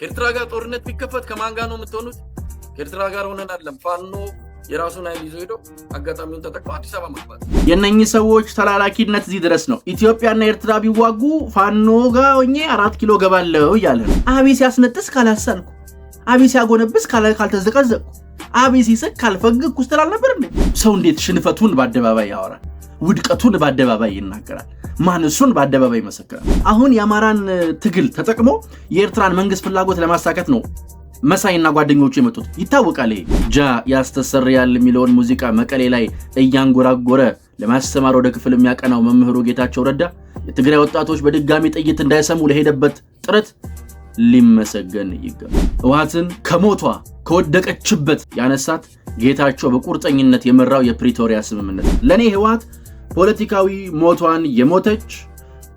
ከኤርትራ ጋር ጦርነት ቢከፈት ከማን ጋር ነው የምትሆኑት? ከኤርትራ ጋር ሆነን አለም ፋኖ የራሱን ኃይል ይዞ ሄዶ አጋጣሚውን ተጠቅሞ አዲስ አበባ መግባት። የእነኚህ ሰዎች ተላላኪነት እዚህ ድረስ ነው። ኢትዮጵያና ኤርትራ ቢዋጉ ፋኖ ጋር ሆኜ አራት ኪሎ ገባለው እያለ ነው። አብይ ሲያስነጥስ ካላሳልኩ፣ አብይ ሲያጎነብስ ካልተዘቀዘቅኩ፣ አብይ ሲስቅ ካልፈገግኩ ስትል አልነበር? ሰው እንዴት ሽንፈቱን በአደባባይ ያወራል? ውድቀቱን በአደባባይ ይናገራል። ማን እሱን በአደባባይ ይመሰክራል። አሁን የአማራን ትግል ተጠቅሞ የኤርትራን መንግስት ፍላጎት ለማሳከት ነው መሳይና ጓደኞቹ የመጡት ይታወቃል። ጃ ያስተሰርያል የሚለውን ሙዚቃ መቀሌ ላይ እያንጎራጎረ ለማስተማር ወደ ክፍል የሚያቀናው መምህሩ ጌታቸው ረዳ የትግራይ ወጣቶች በድጋሚ ጥይት እንዳይሰሙ ለሄደበት ጥረት ሊመሰገን ይገባል። ህወሓትን ከሞቷ ከወደቀችበት ያነሳት ጌታቸው በቁርጠኝነት የመራው የፕሪቶሪያ ስምምነት ለእኔ ህወሓት ፖለቲካዊ ሞቷን የሞተች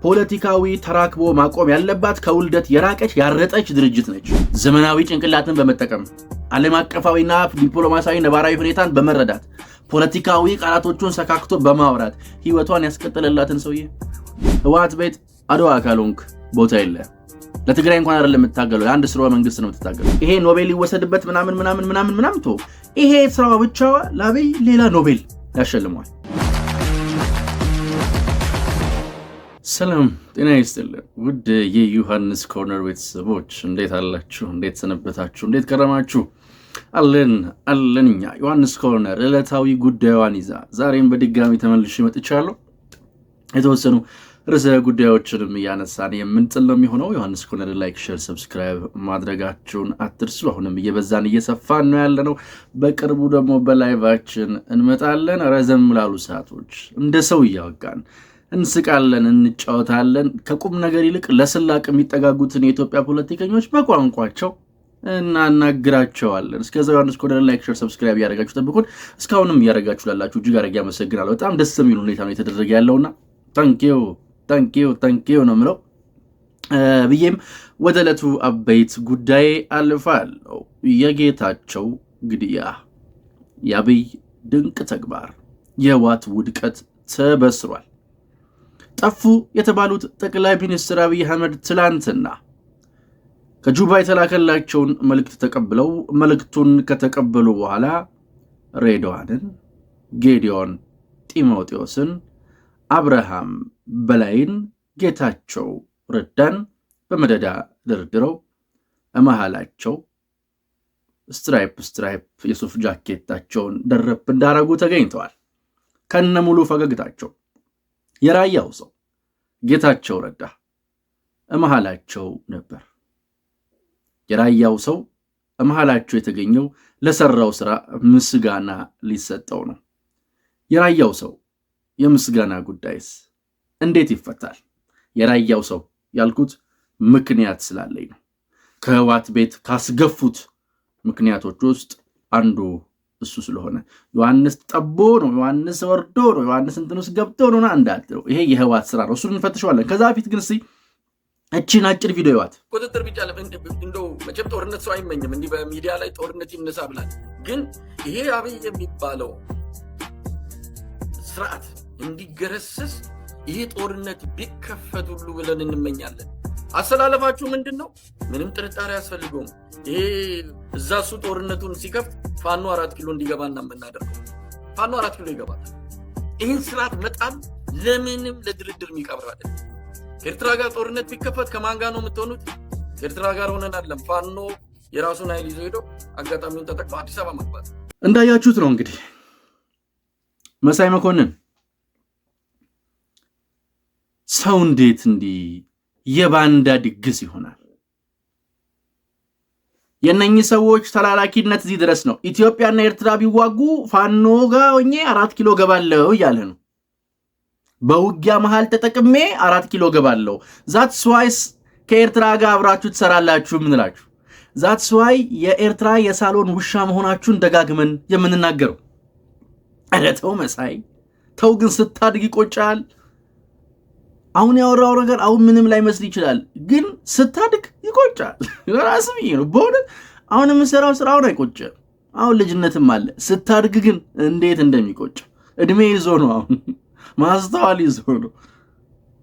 ፖለቲካዊ ተራክቦ ማቆም ያለባት ከውልደት የራቀች ያረጠች ድርጅት ነች። ዘመናዊ ጭንቅላትን በመጠቀም ዓለም አቀፋዊና ዲፕሎማሲያዊ ነባራዊ ሁኔታን በመረዳት ፖለቲካዊ ቃላቶቹን ሰካክቶ በማውራት ህይወቷን ያስቀጠለላትን ሰውዬ ህወሓት ቤት አድዋ ካልሆንክ ቦታ የለ። ለትግራይ እንኳን አይደለም የምታገለው፣ ለአንድ ስርወ መንግስት ነው የምትታገለው። ይሄ ኖቤል ይወሰድበት ምናምን ምናምን ምናምን ምናምን ቶ ይሄ ስራዋ ብቻዋ ለአብይ ሌላ ኖቤል ያሸልመዋል። ሰላም ጤና ይስጥልን ውድ የዮሐንስ ኮርነር ቤተሰቦች እንዴት አላችሁ? እንዴት ሰነበታችሁ? እንዴት ቀረማችሁ? አለን አለን። እኛ ዮሐንስ ኮርነር ዕለታዊ ጉዳዩን ይዛ ዛሬም በድጋሚ ተመልሼ መጥቻለሁ። የተወሰኑ ርዕሰ ጉዳዮችንም እያነሳን የምንጥል ነው የሚሆነው። ዮሐንስ ኮርነር ላይክ፣ ሼር፣ ሰብስክራይብ ማድረጋችሁን አትርሱ። አሁንም እየበዛን እየሰፋን ነው ያለ ነው። በቅርቡ ደግሞ በላይቫችን እንመጣለን። ረዘም ላሉ ሰዓቶች እንደ ሰው እያወጋን እንስቃለን፣ እንጫወታለን። ከቁም ነገር ይልቅ ለስላቅ የሚጠጋጉትን የኢትዮጵያ ፖለቲከኞች በቋንቋቸው እናናግራቸዋለን። እስከዛ ዮሐንስ ኮርነር ላይክ፣ ሼር፣ ሰብስክራይብ እያደረጋችሁ ጠብቁን። እስካሁንም እያደረጋችሁ ላላችሁ እጅግ አድርጌ አመሰግናለሁ። በጣም ደስ የሚል ሁኔታ ነው የተደረገ ያለውና ታንኪዩ ታንኪዩ ታንኪዩ ነው ምለው። ብዬም ወደ ዕለቱ አበይት ጉዳይ አልፋለሁ። የጌታቸው ግድያ፣ የአብይ ድንቅ ተግባር፣ የህወሓት ውድቀት ተበስሯል። ጠፉ የተባሉት ጠቅላይ ሚኒስትር አብይ አህመድ ትላንትና ከጁባ የተላከላቸውን መልእክት ተቀብለው መልእክቱን ከተቀበሉ በኋላ ሬድዋንን፣ ጌዲዮን ጢሞቴዎስን፣ አብርሃም በላይን፣ ጌታቸው ረዳን በመደዳ ደርድረው እመሃላቸው ስትራይፕ ስትራይፕ የሱፍ ጃኬታቸውን ደረብ እንዳረጉ ተገኝተዋል። ከነ ሙሉ ፈገግታቸው የራያው ሰው ጌታቸው ረዳ እመሃላቸው ነበር። የራያው ሰው እመሃላቸው የተገኘው ለሰራው ስራ ምስጋና ሊሰጠው ነው። የራያው ሰው የምስጋና ጉዳይስ እንዴት ይፈታል? የራያው ሰው ያልኩት ምክንያት ስላለኝ ነው። ከህዋት ቤት ካስገፉት ምክንያቶች ውስጥ አንዱ እሱ ስለሆነ ዮሐንስ ጠቦ ነው፣ ዮሐንስ ወርዶ ነው፣ ዮሐንስ እንትን ውስጥ ገብቶ ነው እንዳትለው። ይሄ የህዋት ስራ ነው። እሱን እንፈትሸዋለን። ከዛ በፊት ግን እስኪ እችን አጭር ቪዲዮ ይዋት ቁጥጥር ቢቻለ እንደው መቼም ጦርነት ሰው አይመኝም፣ እንዲህ በሚዲያ ላይ ጦርነት ይነሳ ብላል። ግን ይሄ አብይ የሚባለው ስርዓት እንዲገረሰስ ይሄ ጦርነት ቢከፈት ሁሉ ብለን እንመኛለን። አሰላለፋችሁ ምንድን ነው? ምንም ጥርጣሬ አያስፈልገውም። ይሄ እዛ እሱ ጦርነቱን ሲከፍት ፋኖ አራት ኪሎ እንዲገባና የምናደርገው ፋኖ አራት ኪሎ ይገባል። ይህን ስርዓት መጣል ለምንም ለድርድር የሚቀብር አይደለም። ከኤርትራ ጋር ጦርነት ቢከፈት ከማን ጋር ነው የምትሆኑት? ከኤርትራ ጋር ሆነን አለም ፋኖ የራሱን ኃይል ይዞ ሄዶ አጋጣሚውን ተጠቅሞ አዲስ አበባ መግባት እንዳያችሁት ነው። እንግዲህ መሳይ መኮንን ሰው እንዴት እንዲህ የባንዳ ድግስ ይሆናል። የነኚህ ሰዎች ተላላኪነት እዚህ ድረስ ነው። ኢትዮጵያና ኤርትራ ቢዋጉ ፋኖ ጋር ሆኜ አራት ኪሎ ገባለው እያለ ነው። በውጊያ መሃል ተጠቅሜ አራት ኪሎ ገባለው ዛት ስዋይስ ከኤርትራ ጋር አብራችሁ ትሰራላችሁ የምንላችሁ ዛት ስዋይ የኤርትራ የሳሎን ውሻ መሆናችሁን ደጋግመን የምንናገረው። ኧረ ተው መሳይ ተው፣ ግን ስታድግ ይቆጫል። አሁን ያወራው ነገር አሁን ምንም ላይመስል ይችላል፣ ግን ስታድግ ይቆጫል። ራስ ብዬ ነው በእውነት አሁን የምሰራው ስራ አሁን አይቆጭ። አሁን ልጅነትም አለ፣ ስታድግ ግን እንዴት እንደሚቆጭ እድሜ ይዞ ነው አሁን ማስተዋል ይዞ ነው።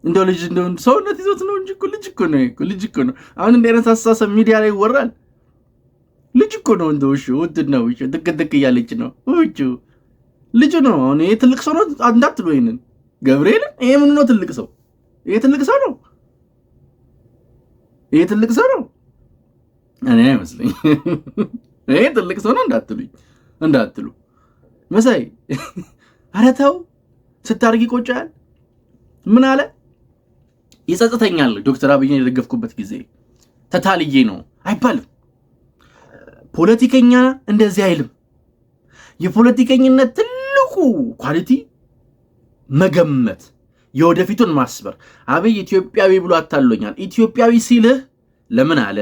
እንደው ልጅ እንደው ሰውነት ይዞት ነው እንጂ ልጅ እኮ ነው እኮ ልጅ እኮ ነው። አሁን እንዲህ አይነት አስተሳሰብ ሚዲያ ላይ ይወራል። ልጅ እኮ ነው እንደው እሺ፣ ውድ ነው እሺ፣ ድቅድቅ እያለች ነው እቺ ልጅ ነው። አሁን ይሄ ትልቅ ሰው ነው እንዳትሉ። ይሄንን ገብርኤልን ይሄ ምኑ ነው ትልቅ ሰው ይሄ ትልቅ ሰው ነው። ይሄ ትልቅ ሰው ነው። እኔ አይመስለኝ ይሄ ትልቅ ሰው ነው እንዳትሉኝ እንዳትሉ መሳይ፣ ኧረ ተው ስታርጊ ቆጫል። ምን አለ ይጸጽተኛል። ዶክተር አብይን የደገፍኩበት ጊዜ ተታልዬ ነው አይባልም። ፖለቲከኛ እንደዚህ አይልም። የፖለቲከኝነት ትልቁ ኳሊቲ መገመት የወደፊቱን ማስበር አብይ ኢትዮጵያዊ ብሎ አታሎኛል። ኢትዮጵያዊ ሲልህ ለምን አለ፣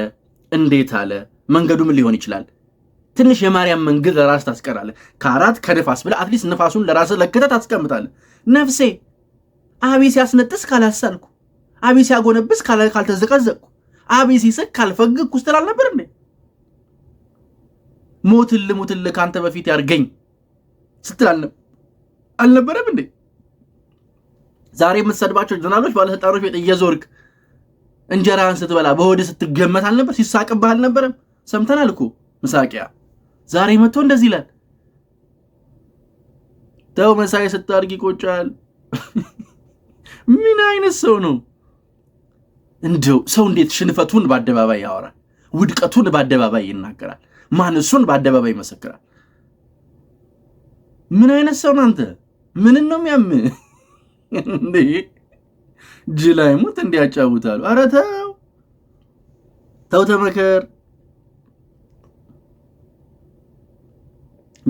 እንዴት አለ፣ መንገዱ ምን ሊሆን ይችላል? ትንሽ የማርያም መንገድ ለራስ ታስቀራለ። ከአራት ከነፋስ ብለ አትሊስት ነፋሱን ለራስ ለክተ ታስቀምጣለ። ነፍሴ አብይ ሲያስነጥስ ካላሳልኩ፣ አብይ ሲያጎነብስ ካልተዘቀዘቅኩ፣ አብይ ሲስቅ ካልፈገግኩ ስትል አልነበር እንዴ? ሞትል ሞትል ከአንተ በፊት ያርገኝ ስትል አልነበረም እንዴ? ዛሬ የምትሰድባቸው ጀነራሎች፣ ባለስልጣኖች ቤት እየዞርክ እንጀራህን ስትበላ በሆድ ስትገመት አልነበር? ሲሳቅብህ አልነበረም? ሰምተናል እኮ ምሳቂያ። ዛሬ መጥቶ እንደዚህ ይላል። ተው መሳይ ስታርግ ይቆጫል። ምን አይነት ሰው ነው? እንደው ሰው እንዴት ሽንፈቱን በአደባባይ ያወራል? ውድቀቱን በአደባባይ ይናገራል። ማነሱን በአደባባይ ይመሰክራል። ምን አይነት ሰው ነው አንተ? ምንን ነው የሚያምህ? እንዴ ጅል ሙት እንዲያጫውታሉ። ኧረ ተው ተው፣ ተመከር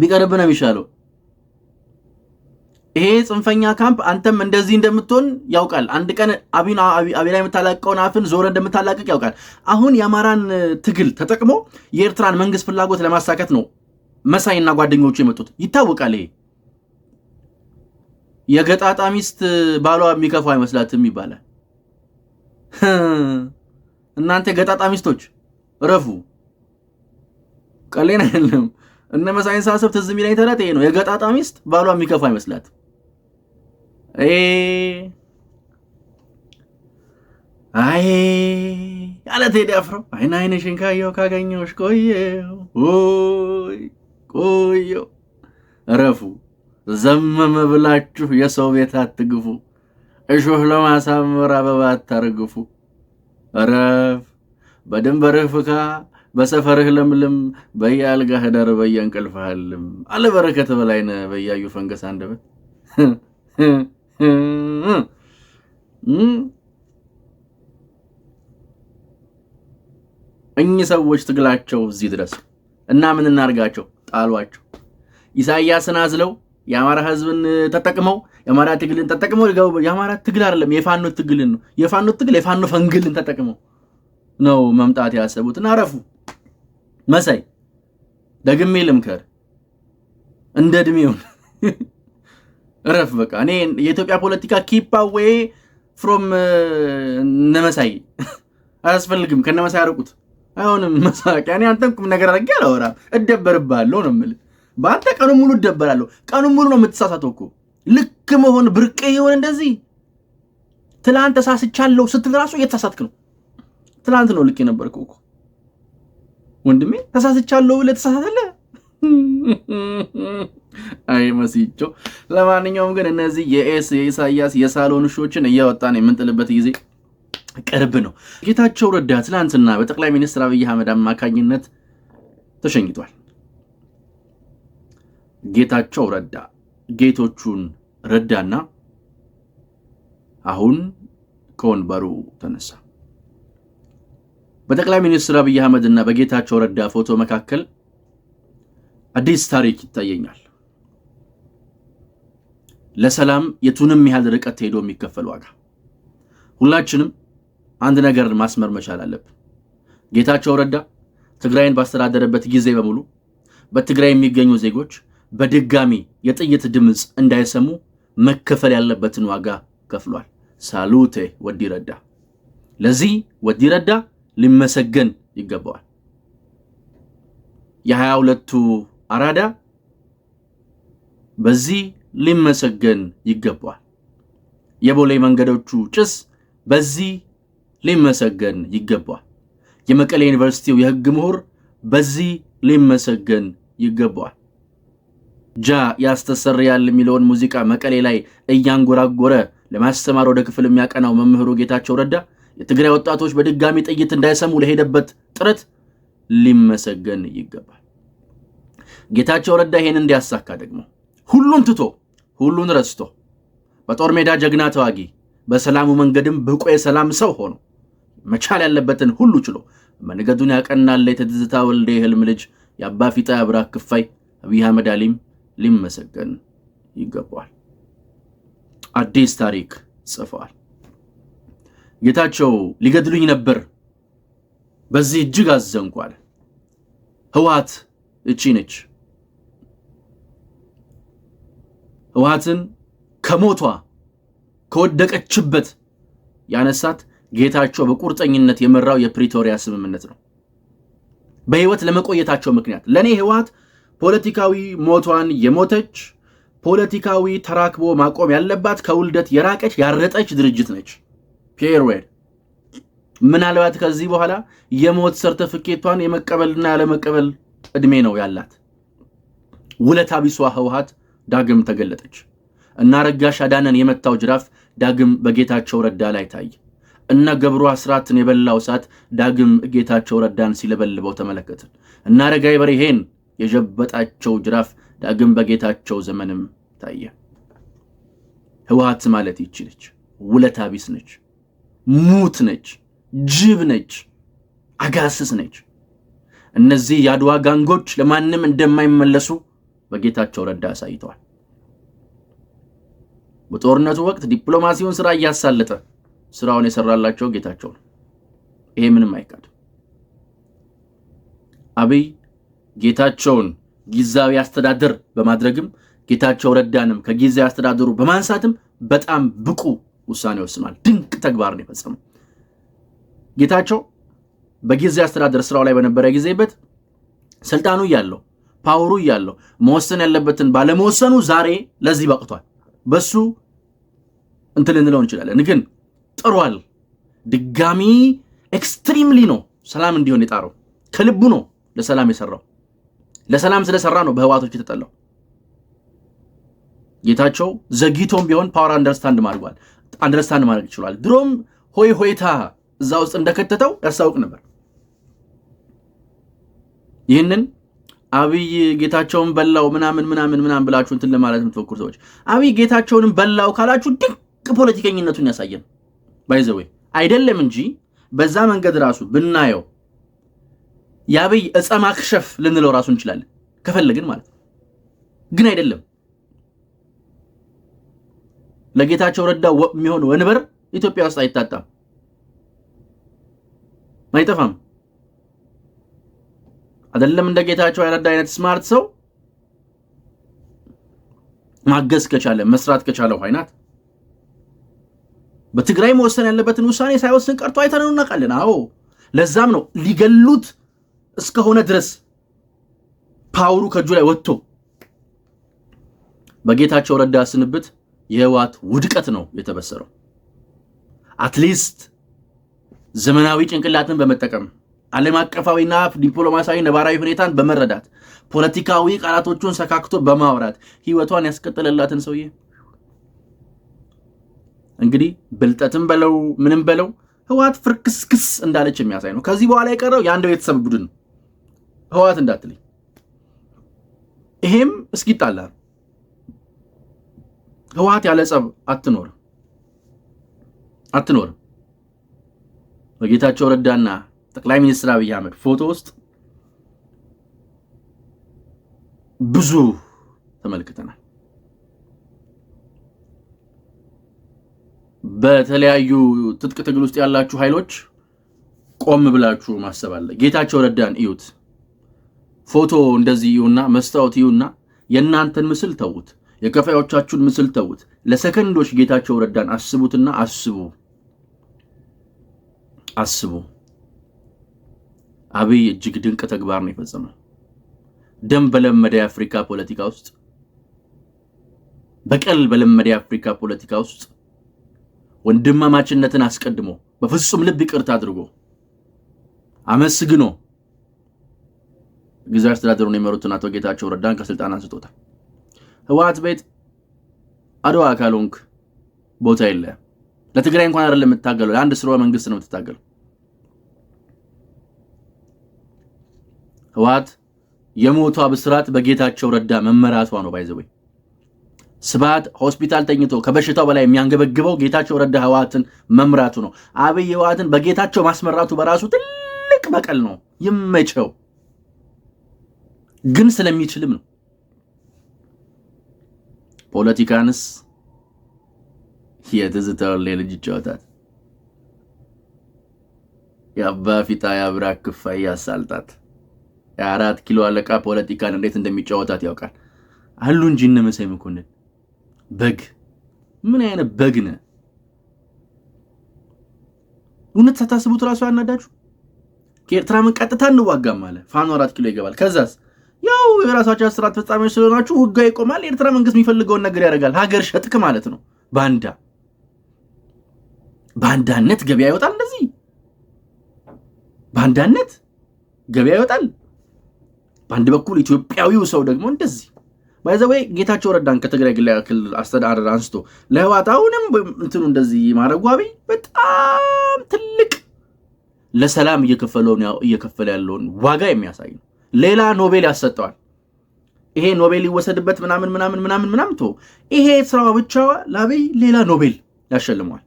ቢቀርብ ነው የሚሻለው። ይሄ ጽንፈኛ ካምፕ አንተም እንደዚህ እንደምትሆን ያውቃል። አንድ ቀን አቢና አቢላ የምታላቀውን አፍን ዞረ እንደምታላቀቅ ያውቃል። አሁን የአማራን ትግል ተጠቅሞ የኤርትራን መንግስት ፍላጎት ለማሳካት ነው መሳይና ጓደኞቹ የመጡት ይታወቃል። ይሄ የገጣጣ ሚስት ባሏ የሚከፋው አይመስላትም ይባላል። እናንተ የገጣጣ ሚስቶች ረፉ ቀሌን አይደለም። እነ መሳይን ሳሰብ ትዝ የሚለኝ ተረት ይሄ ነው። የገጣጣ ሚስት ባሏ የሚከፋው አይመስላትም። አይ አለ ቴዲ አፍሮ አይን አይንሽን ካየው ካገኘውሽ ቆየው ቆየው። ረፉ ዘመመ ብላችሁ የሰው ቤት አትግፉ፣ እሾህ ለማሳመር አበባ አታርግፉ። እረፍ በድንበርህ ፍካ፣ በሰፈርህ ለምልም፣ በየአልጋህ ዳር በየእንቅልፍህ አልም። አለበረከት በላይነ በያዩ ፈንገስ አንደበት እኚህ ሰዎች ትግላቸው እዚህ ድረስ እና ምን እናርጋቸው? ጣሏቸው። ኢሳያስን አዝለው የአማራ ህዝብን ተጠቅመው የአማራ ትግልን ተጠቅመው የአማራ ትግል አይደለም የፋኖ ትግልን ነው የፋኖ ትግል የፋኖ ፈንግልን ተጠቅመው ነው መምጣት ያሰቡትን አረፉ። መሳይ ደግሜ ልምከር፣ እንደ እድሜው እረፍ። በቃ እኔ የኢትዮጵያ ፖለቲካ ኪፕ አዌይ ፍሮም እነመሳይ አያስፈልግም። ከነመሳይ አርቁት። አይሆንም። መሳቂያ እኔ አንተን ቁም ነገር አድርጌ አላወራም። እደበርብሃለሁ ነው የምልህ። በአንተ ቀኑ ሙሉ እደበላለሁ። ቀኑን ሙሉ ነው የምትሳሳተው እኮ ልክ መሆን ብርቅ ይሆን እንደዚህ ትላንት ተሳስቻለሁ ስትል ራሱ እየተሳሳትክ ነው። ትላንት ነው ልክ የነበርከው እኮ ወንድሜ። ተሳስቻለሁ ብለህ አይ መሲቾ። ለማንኛውም ግን እነዚህ የኤስ የኢሳያስ የሳሎን ሾችን እያወጣን የምንጥልበት ጊዜ ቅርብ ነው። ጌታቸው ረዳ ትላንትና በጠቅላይ ሚኒስትር አብይ አህመድ አማካኝነት ተሸኝቷል። ጌታቸው ረዳ ጌቶቹን ረዳና አሁን ከወንበሩ ተነሳ። በጠቅላይ ሚኒስትር አብይ አህመድ እና በጌታቸው ረዳ ፎቶ መካከል አዲስ ታሪክ ይታየኛል። ለሰላም የቱንም ያህል ርቀት ሄዶ የሚከፈል ዋጋ። ሁላችንም አንድ ነገር ማስመር መቻል አለብን። ጌታቸው ረዳ ትግራይን ባስተዳደረበት ጊዜ በሙሉ በትግራይ የሚገኙ ዜጎች በድጋሚ የጥይት ድምፅ እንዳይሰሙ መከፈል ያለበትን ዋጋ ከፍሏል። ሳሉቴ ወዲ ረዳ። ለዚህ ወዲ ረዳ ሊመሰገን ይገባዋል። የሀያ ሁለቱ አራዳ በዚህ ሊመሰገን ይገባዋል። የቦሌ መንገዶቹ ጭስ በዚህ ሊመሰገን ይገባዋል። የመቀሌ ዩኒቨርሲቲው የሕግ ምሁር በዚህ ሊመሰገን ይገባዋል። ጃ ያስተሰርያል የሚለውን ሙዚቃ መቀሌ ላይ እያንጎራጎረ ለማስተማር ወደ ክፍል የሚያቀናው መምህሩ ጌታቸው ረዳ የትግራይ ወጣቶች በድጋሚ ጥይት እንዳይሰሙ ለሄደበት ጥረት ሊመሰገን ይገባል። ጌታቸው ረዳ ይሄን እንዲያሳካ ደግሞ ሁሉን ትቶ ሁሉን ረስቶ በጦር ሜዳ ጀግና ተዋጊ፣ በሰላሙ መንገድም ብቁ የሰላም ሰው ሆኖ መቻል ያለበትን ሁሉ ችሎ መንገዱን ያቀናለት የትዝታ ወልደ የህልም ልጅ የአባፊጣ አብራክ ክፋይ አብይ አህመድ አሊም ሊመሰገን ይገባል። አዲስ ታሪክ ጽፈዋል። ጌታቸው ሊገድሉኝ ነበር፣ በዚህ እጅግ አዘንኳል። ህወሓት እቺ ነች። ህወሓትን ከሞቷ ከወደቀችበት ያነሳት ጌታቸው በቁርጠኝነት የመራው የፕሪቶሪያ ስምምነት ነው። በህይወት ለመቆየታቸው ምክንያት ለእኔ ህወሓት ፖለቲካዊ ሞቷን የሞተች ፖለቲካዊ ተራክቦ ማቆም ያለባት ከውልደት የራቀች ያረጠች ድርጅት ነች። ፔርዌድ ምናልባት ከዚህ በኋላ የሞት ሰርተፍኬቷን የመቀበልና ያለመቀበል እድሜ ነው ያላት። ውለታ ቢሷ ህውሃት ዳግም ተገለጠች እና ረጋሽ አዳነን የመታው ጅራፍ ዳግም በጌታቸው ረዳ ላይ ታየ እና ገብሩ አስራትን የበላው እሳት ዳግም ጌታቸው ረዳን ሲለበልበው ተመለከትን እና ረጋይ በርሄን የዠበጣቸው ጅራፍ ዳግም በጌታቸው ዘመንም ታየ። ህወሓት ማለት ይቺ ነች። ውለታ ቢስ ነች፣ ሙት ነች፣ ጅብ ነች፣ አጋስስ ነች። እነዚህ የአድዋ ጋንጎች ለማንም እንደማይመለሱ በጌታቸው ረዳ አሳይተዋል። በጦርነቱ ወቅት ዲፕሎማሲውን ስራ እያሳለጠ ስራውን የሰራላቸው ጌታቸው ነው። ይሄ ምንም አይካድም። አብይ ጌታቸውን ጊዜያዊ አስተዳደር በማድረግም ጌታቸው ረዳንም ከጊዜያዊ አስተዳደሩ በማንሳትም በጣም ብቁ ውሳኔ ወስኗል። ድንቅ ተግባር ነው የፈጸመው። ጌታቸው በጊዜ አስተዳደር ስራው ላይ በነበረ ጊዜበት ስልጣኑ እያለው ፓወሩ እያለው መወሰን ያለበትን ባለመወሰኑ ዛሬ ለዚህ በቅቷል። በሱ እንትን ልንለው እንችላለን፣ ግን ጥሯል። ድጋሚ ኤክስትሪምሊ ነው ሰላም እንዲሆን የጣረው፣ ከልቡ ነው ለሰላም የሰራው። ለሰላም ስለሰራ ነው በህዋቶች የተጠላው። ጌታቸው ዘግይቶም ቢሆን ፓወር አንደርስታንድ ማድርጓል አንደርስታንድ ማድረግ ይችሏል። ድሮም ሆይ ሆይታ እዛ ውስጥ እንደከተተው ያስታውቅ ነበር። ይህንን አብይ ጌታቸውን በላው ምናምን ምናምን ምናምን ብላችሁ እንትን ለማለት የምትሞክሩ ሰዎች አብይ ጌታቸውንም በላው ካላችሁ ድንቅ ፖለቲከኝነቱን ያሳየን ባይዘወይ አይደለም እንጂ በዛ መንገድ ራሱ ብናየው የአብይ እጸ ማክሸፍ ልንለው ራሱ እንችላለን ከፈለግን ማለት ግን አይደለም ለጌታቸው ረዳ የሚሆን ወንበር ኢትዮጵያ ውስጥ አይታጣም፣ አይጠፋም። አይደለም እንደ ጌታቸው ያረዳ አይነት ስማርት ሰው ማገዝ ከቻለ መስራት ከቻለ አይናት በትግራይ መወሰን ያለበትን ውሳኔ ሳይወስን ቀርቶ አይተን እናውቃለን። አዎ ለዛም ነው ሊገሉት እስከሆነ ድረስ ፓወሩ ከእጁ ላይ ወጥቶ በጌታቸው ረዳ ስንብት የህወሓት ውድቀት ነው የተበሰረው። አትሊስት ዘመናዊ ጭንቅላትን በመጠቀም ዓለም አቀፋዊና ዲፕሎማሲያዊ ነባራዊ ሁኔታን በመረዳት ፖለቲካዊ ቃላቶቹን ሰካክቶ በማውራት ህይወቷን ያስቀጠለላትን ሰውዬ እንግዲህ ብልጠትም በለው ምንም በለው ህወሓት ፍርክስክስ እንዳለች የሚያሳይ ነው። ከዚህ በኋላ የቀረው የአንድ ቤተሰብ ቡድን ነው። ህወሓት እንዳትልኝ። ይሄም እስኪጣላ ህወሓት ያለ ጸብ አትኖርም አትኖርም። በጌታቸው ረዳና ጠቅላይ ሚኒስትር አብይ አህመድ ፎቶ ውስጥ ብዙ ተመልክተናል። በተለያዩ ትጥቅ ትግል ውስጥ ያላችሁ ኃይሎች ቆም ብላችሁ ማሰብ አለ። ጌታቸው ረዳን እዩት። ፎቶ እንደዚህ ይሁና መስታወት ይሁና የእናንተን ምስል ተዉት፣ የከፋዮቻችሁን ምስል ተዉት። ለሰከንዶች ጌታቸው ረዳን አስቡትና አስቡ አስቡ። አብይ እጅግ ድንቅ ተግባር ነው የፈጸመው። ደም በለመደ የአፍሪካ ፖለቲካ ውስጥ በቀል በለመደ የአፍሪካ ፖለቲካ ውስጥ ወንድማማችነትን አስቀድሞ በፍጹም ልብ ይቅርታ አድርጎ አመስግኖ ጊዜያዊ አስተዳደሩን የመሩትን አቶ ጌታቸው ረዳን ከስልጣን አንስቶታል። ህወሓት ቤት አድዋ ካልሆንክ ቦታ የለ። ለትግራይ እንኳን አይደለም የምትታገለው፣ ለአንድ ስርወ መንግስት ነው የምትታገለው። ህወሓት የሞቷ ብስራት በጌታቸው ረዳ መመራቷ ነው። ባይዘወይ ስብሃት ሆስፒታል ተኝቶ ከበሽታው በላይ የሚያንገበግበው ጌታቸው ረዳ ህወሓትን መምራቱ ነው። አብይ ህወሓትን በጌታቸው ማስመራቱ በራሱ ትልቅ በቀል ነው። ይመቸው። ግን ስለሚችልም ነው። ፖለቲካንስ የትዝታውን ልጅ ይጫወታል። የአባ ፊታ የአብራክ ክፋይ ያሳልጣት የአራት ኪሎ አለቃ ፖለቲካን እንዴት እንደሚጫወታት ያውቃል። አሉ እንጂ እነ መሳይ መኮንን በግ ምን አይነት በግ ነ እውነት ሳታስቡት እራሱ ያናዳችሁ። ከኤርትራ ምን ቀጥታ እንዋጋም አለ ፋኖ አራት ኪሎ ይገባል። ከዛስ ያው የራሳቸው አስራት ፈጻሚዎች ስለሆናችሁ ውጋ ይቆማል። የኤርትራ መንግስት የሚፈልገውን ነገር ያደርጋል። ሀገር ሸጥክ ማለት ነው። ባንዳ ባንዳነት ገበያ ይወጣል። እንደዚህ ባንዳነት ገበያ ይወጣል። በአንድ በኩል ኢትዮጵያዊው ሰው ደግሞ እንደዚህ ባይዘወይ ጌታቸው ረዳን ከትግራይ ግላ ክልል አስተዳደር አንስቶ ለህዋት አሁንም እንትኑ እንደዚህ ማድረጉ አብይ በጣም ትልቅ ለሰላም እየከፈለውን እየከፈለ ያለውን ዋጋ የሚያሳይ ነው። ሌላ ኖቤል ያሰጠዋል። ይሄ ኖቤል ይወሰድበት ምናምን ምናምን ምናምን ምናምን ቶ ይሄ ስራዋ ብቻ ለአብይ ሌላ ኖቤል ያሸልመዋል።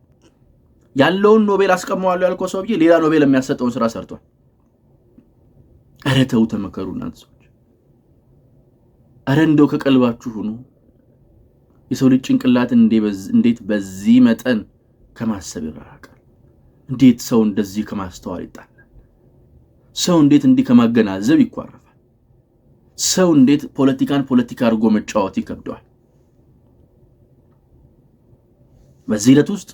ያለውን ኖቤል አስቀመዋለሁ ያልከው ሰውዬ ሌላ ኖቤል የሚያሰጠውን ስራ ሰርቷል። ኧረ ተው ተመከሩ እናንተ ሰዎች፣ ኧረ እንደው ከቀልባችሁ ሁኑ። የሰው ልጅ ጭንቅላት እንዴት በዚህ መጠን ከማሰብ ይራራቃል? እንዴት ሰው እንደዚህ ከማስተዋል ይጣል? ሰው እንዴት እንዲህ ከማገናዘብ ይኳረፋል? ሰው እንዴት ፖለቲካን ፖለቲካ አድርጎ መጫወት ይከብደዋል? በዚህ ሂደት ውስጥ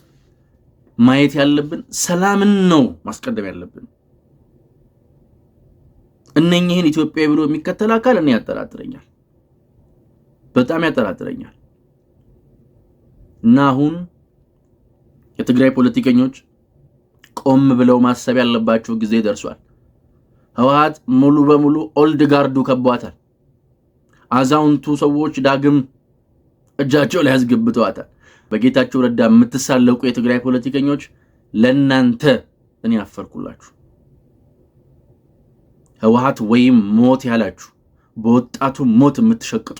ማየት ያለብን ሰላምን ነው ማስቀደም ያለብን። እነኝህን ኢትዮጵያ ብሎ የሚከተል አካል እኔ ያጠራጥረኛል፣ በጣም ያጠራጥረኛል። እና አሁን የትግራይ ፖለቲከኞች ቆም ብለው ማሰብ ያለባቸው ጊዜ ደርሷል። ህወሓት ሙሉ በሙሉ ኦልድ ጋርዱ ከቧታል። አዛውንቱ ሰዎች ዳግም እጃቸው ላይ ያስገብተዋታል። በጌታቸው ረዳ የምትሳለቁ የትግራይ ፖለቲከኞች ለእናንተ እኔ አፈርኩላችሁ። ህወሓት ወይም ሞት ያላችሁ በወጣቱ ሞት የምትሸቅጡ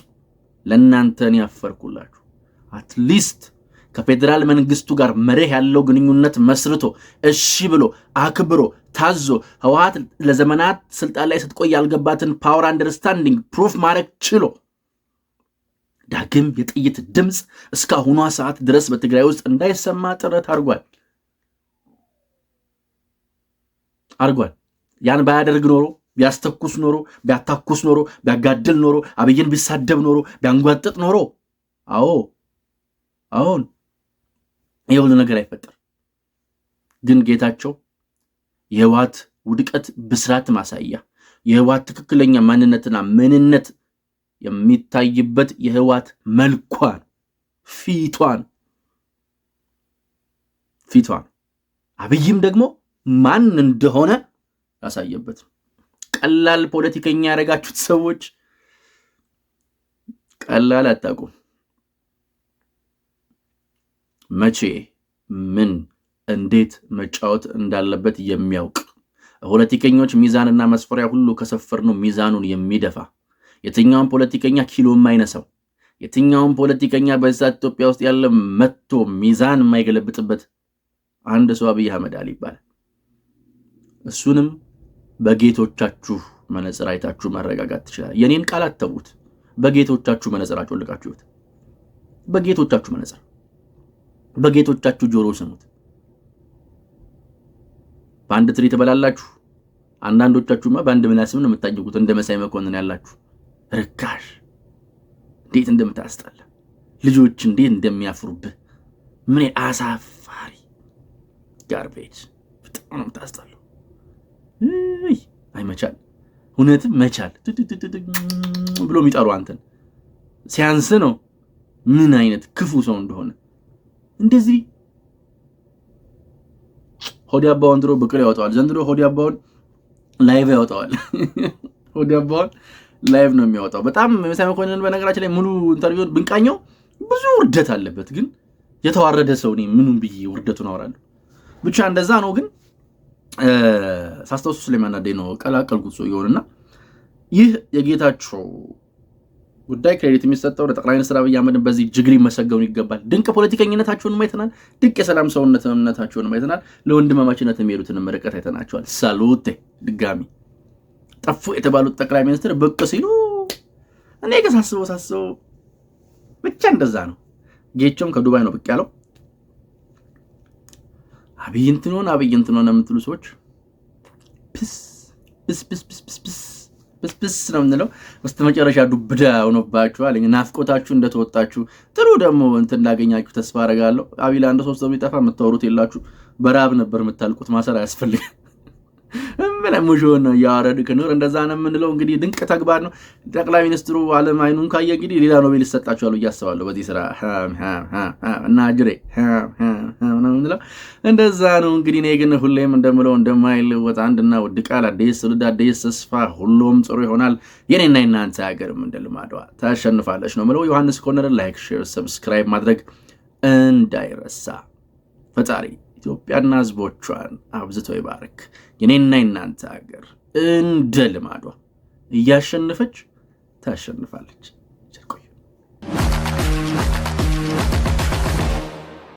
ለእናንተ እኔ አፈርኩላችሁ። አትሊስት ከፌዴራል መንግስቱ ጋር መርህ ያለው ግንኙነት መስርቶ እሺ ብሎ አክብሮ ታዞ ህወሀት ለዘመናት ስልጣን ላይ ስትቆይ ያልገባትን ፓወር አንደርስታንዲንግ ፕሩፍ ማድረግ ችሎ ዳግም የጥይት ድምፅ እስካሁኗ ሰዓት ድረስ በትግራይ ውስጥ እንዳይሰማ ጥረት አርጓል አርጓል። ያን ባያደርግ ኖሮ ቢያስተኩስ ኖሮ ቢያታኩስ ኖሮ ቢያጋድል ኖሮ አብይን ቢሳደብ ኖሮ ቢያንጓጥጥ ኖሮ አዎ አሁን ይህ ሁሉ ነገር አይፈጠር። ግን ጌታቸው የህወሓት ውድቀት ብስራት ማሳያ የህወሓት ትክክለኛ ማንነትና ምንነት የሚታይበት የህወሓት መልኳን ፊቷን ፊቷን አብይም ደግሞ ማን እንደሆነ ያሳየበት ቀላል ፖለቲከኛ ያደረጋችሁት ሰዎች ቀላል አታውቁም። መቼ፣ ምን፣ እንዴት መጫወት እንዳለበት የሚያውቅ ፖለቲከኞች ሚዛንና መስፈሪያ ሁሉ ነው ሚዛኑን የሚደፋ የትኛውም ፖለቲከኛ ኪሎ የማይነሳው የትኛውም ፖለቲከኛ በዛ ኢትዮጵያ ውስጥ ያለ መቶ ሚዛን የማይገለብጥበት አንድ ሰው አብይ አህመድ አሊ ይባላል። እሱንም በጌቶቻችሁ መነጽር አይታችሁ መረጋጋት ትችላል። የኔን ቃል አተዉት። በጌቶቻችሁ መነፅር አጮልቃችሁት። በጌቶቻችሁ መነጽር በጌጦቻችሁ ጆሮ ስሙት። በአንድ ትሪ ትበላላችሁ። አንዳንዶቻችሁማ በአንድ ምናስም ነው የምታኝቁት፣ እንደ መሳይ መኮንን ያላችሁ ርካሽ። እንዴት እንደምታስጠላ ልጆች እንዴት እንደሚያፍሩብህ ምን አሳፋሪ ጋርቤጅ። በጣም ነው የምታስጠላው። አይ መቻል፣ እውነትም መቻል ብሎ የሚጠሩ አንተን ሲያንስ ነው ምን አይነት ክፉ ሰው እንደሆነ እንደዚህ ሆዲ አባውን ድሮ ብቅል ያወጣዋል፣ ዘንድሮ ሆዲ አባውን ላይቭ ያወጣዋል። ሆዲ አባውን ላይቭ ነው የሚያወጣው። በጣም መሳይ መኮንን በነገራችን ላይ ሙሉ ኢንተርቪውን ብንቃኘው ብዙ ውርደት አለበት፣ ግን የተዋረደ ሰው እኔ ምኑን ብዬ ውርደቱን አወራለሁ። ብቻ እንደዛ ነው። ግን ሳስታውሱ ስለሚያናደኝ ነው ቀላቀልኩት ሰው ይሆንና ይህ የጌታቸው ጉዳይ ክሬዲት የሚሰጠው ለጠቅላይ ሚኒስትር አብይ አህመድን በዚህ እጅግ ሊመሰገኑ ይገባል። ድንቅ ፖለቲከኝነታችሁንም አይተናል። ድንቅ የሰላም ሰውነትነታችሁንም አይተናል። ለወንድማማችነት የሚሄዱትን ርቀት አይተናቸዋል። ሳሉቴ ድጋሚ ጠፉ የተባሉት ጠቅላይ ሚኒስትር ብቅ ሲሉ እኔ ከሳስበው ሳስበው ብቻ እንደዛ ነው። ጌቸውም ከዱባይ ነው ብቅ ያለው። አብይ እንትን ሆነ አብይ እንትን ሆነ የምትሉ ሰዎች ፕስ ፕስ ፕስ ፕስ ፕስ ብስብስ ነው የምንለው። በስተ መጨረሻ ዱብዳ ሆኖባችኋል። ናፍቆታችሁ እንደተወጣችሁ ጥሩ ደግሞ እንትን እንዳገኛችሁ ተስፋ አረጋለሁ። አቢላ አንድ ሶስት ቢጠፋ የምታወሩት የላችሁ። በረሃብ ነበር የምታልቁት። ማሰር አያስፈልግም። ምንም ሙሾን ነው እያወረዱ ክንር እንደዛ ነው የምንለው። እንግዲህ ድንቅ ተግባር ነው። ጠቅላይ ሚኒስትሩ አለም አይኑን ካየ እንግዲህ ሌላ ኖቤል ይሰጣቸዋሉ ብዬ በዚህ ስራ እና ጅሬ ምንለው እንደዛ ነው እንግዲህ። እኔ ግን ሁሌም እንደምለው እንደማይለወጥ አንድና ውድ ቃል አዲስ ትውልድ አዲስ ተስፋ፣ ሁሉም ጥሩ ይሆናል። የኔና የናንተ ሀገርም እንደ ልማዷ ታሸንፋለች ነው ምለው። ዮሐንስ ኮርነርን ላይክ፣ ሼር፣ ሰብስክራይብ ማድረግ እንዳይረሳ ፈጣሪ ኢትዮጵያና ህዝቦቿን አብዝቶ ይባርክ። የኔና የናንተ ሀገር እንደ ልማዷ እያሸነፈች ታሸንፋለች።